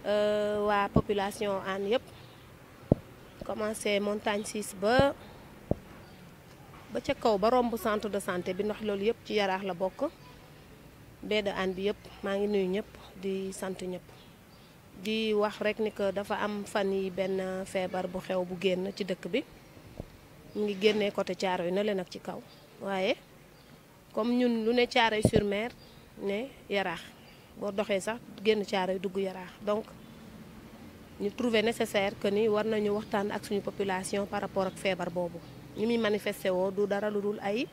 Eh, wa population an yep commencé montagne 6 ba ba ca kaw ba rombu centre de santé bi nox loolu yep ci yarax la bok be de an bi yep ma ngi nuyu ñep di sante ñep di wax rek ni que dafa am fan yi ben feebar bu xew bu génn ci dëkk bi mu ngi génnee côté tiaro yi na le nak ci kaw waaye comme ñun lu ne caaro sur mer ne yarax boo doxee sax génn caare dugg yaraax donc ñu trouver nécessaire que ni war nañu waxtaan ak suñu population par rapport ak feebar boobu ñu muy manifesté woo du dara lu dul ay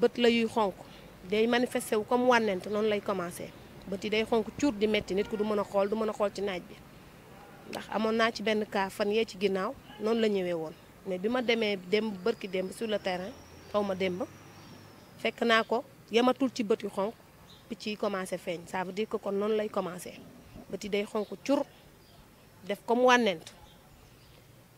bët la yuy xonk day manifesté wu comme wànnent noonu lay commencé bët yi day xonk cuur di métti nit ku du mën a xool du mën a xool ci naaj bi ndax amoon naa ci benn cas yee ci ginnaaw noonu la ñëwee woon mais bi ma demee démb bërki démb sur le terrain xaw ma démb fekk naa ko yematul ci bët yu xonk picc yi commencé feeñ ça veut ko kon noonu lay commencé bët yi day xonq cur def comme wànnent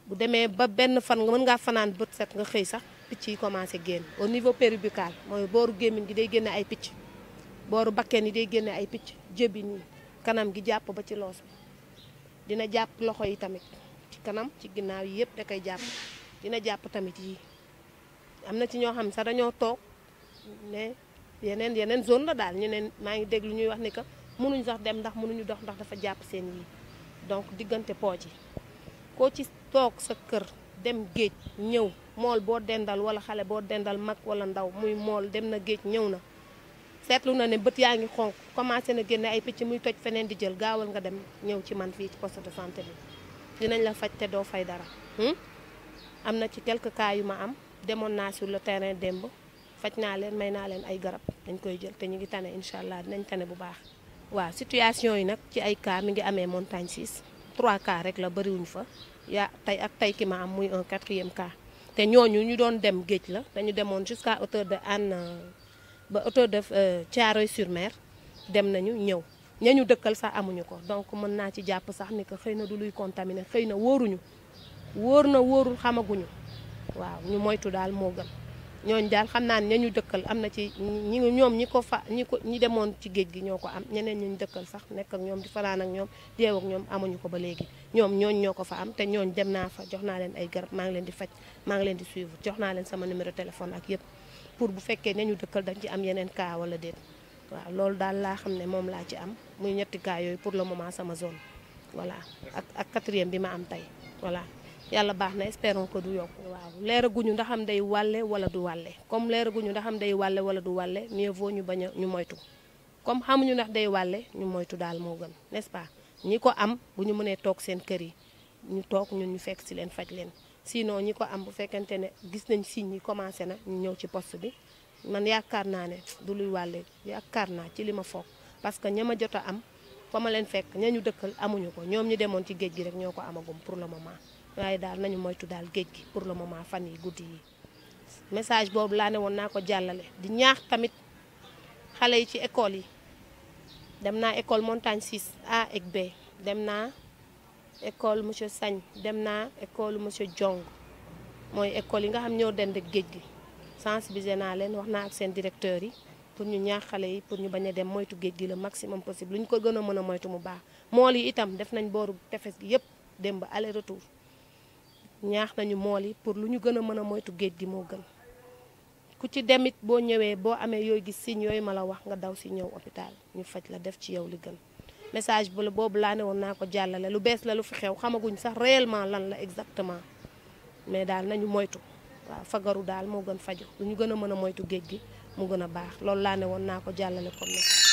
bu demee ba benn fan nga mën ngaa fanaan bët set nga xëy sax picc yi commencé génn au niveau péribucal mooy booru gémmiñ gi day génne ay picc booru bakken yi day génne ay picc jëbi nii kanam gi jàpp ba ci loos bi dina jàpp loxo yi tamit ci kanam ci ginnaaw yi yëpp da koy jàpp dina jàpp tamit yii am na ci ñoo xam sax dañoo toog yeneen yeneen zone la daal ñu neen maa ngi déglu ñuy wax ni que mënuñ sax dem ndax mënuñu dox ndax dafa jàpp seen yi donc diggante poo ci koo ci toog sa kër dem géej ñëw mool boo dendal wala xale boo dendal mag wala ndaw muy mool dem na géej ñëw na seetlu na ne bët yaa ngi xonq commencé na génne ay picc muy toj feneen di jël gaawal nga dem ñëw ci man fii ci poste de santé bi dinañ la faj te doo fay dara hmm? am na ci quelques yu ma am demoon naa sur le terrain démb faj naa leen may naa leen ay garab dañ koy jël te ñu ngi tane incha allah dinañ tane bu baax. waaw situation yi nag ci ay cas mi ngi amee montagne 6 trois cas rek la bëriwuñ fa yaa tey ak tey ki ma am muy un quatrième cas te ñooñu ñu doon dem géej la dañu demoon jusqu'à hauteur de Anne ba auto de euh, Thiaroye-sur-Mer dem nañu ñëw ñañu dëkkal sax amuñu ko donc mën naa ci jàpp sax ni que xëy na du luy contaminé xëy na wóoruñu wóor na wóorul xamaguñu waaw ñu moytu daal moo gën. ñooñu daal xam naa ne ñañu dëkkal am na ci ñi ñoom ñi ko fa ñi ko ñi demoon ci géej gi ñoo ko am ñeneen ñu dëkkal sax nekk ak ñoom di fanaan ak ñoom deew ñoom amuñu ko ba léegi ñoom ñooñ ñoo ko fa am te ñooñ dem naa fa jox naa leen ay garab maa ngi leen di faj maa ngi leen di suivre jox naa leen sama numéro téléphone ak yëpp pour bu fekkee ñañu dëkkal dañ ci am yeneen cas wala déet waaw loolu daal laa xam ne moom laa ci am muy ñetti cas yooyu pour le moment sama zone voilà ak ak quatrième bi ma am tey voilà yàlla baax na espérons ko du yokk waaw leeraguñu ndaxam am day wàlle wala du wàlle comme leeraguñu ndax am day wàlle wala du wàlle mieux vaut ñu bañ a ñu moytu comme xamuñu ndax day wàlle ñu moytu daal moo gën n'est-ce pas ñi ko am bu ñu mënee toog seen kër yi ñu toog ñun ñu fekk si leen faj leen sinon ñi ko am bu fekkente ne gis nañ signe yi commencé na ñu ñëw ci poste bi man yaakaar naa ne du luy wàlle yaakaar naa ci li ma foog parce que ña ma jot am fa leen fekk ña ñu dëkkal amuñu ko ñoom ñu demoon ci géej gi rek ñoo ko amagum pour le moment waaye daal nañu moytu daal géej gi pour le moment fan yi guddi yi message boobu laa ne woon naa ko jàllale di ñaax tamit xale yi ci école yi dem naa école montagne 6 A ak B dem naa école monsieur Sagne dem naa école monsieur Diong mooy école yi nga xam ñoo dend ak géej gi sensibile naa leen wax naa ak seen directeur yi pour ñu ñaax xale yi pour ñu bañ a dem moytu géej gi le maximum possible lu ñu ko gën a mën a moytu mu baax mool yi itam def nañ booru tefes gi yëpp dem ba ñaax nañu mool yi pour lu ñu gën a mën a moytu géej gi moo gën ku ci demit boo ñëwee boo amee yooy gis signe yooyu ma la wax nga daw si ñëw hôpital ñu faj la def ci yow li gën message bu la boobu laa ne woon naa ko jàllale lu bees la lu fi xew xamaguñ sax réellement lan la exactement mais daal nañu moytu waaw fagaru daal moo gën faju lu ñu gën a mën a moytu géej gi mu gën a baax loolu laa ne woon naa ko jàllale comme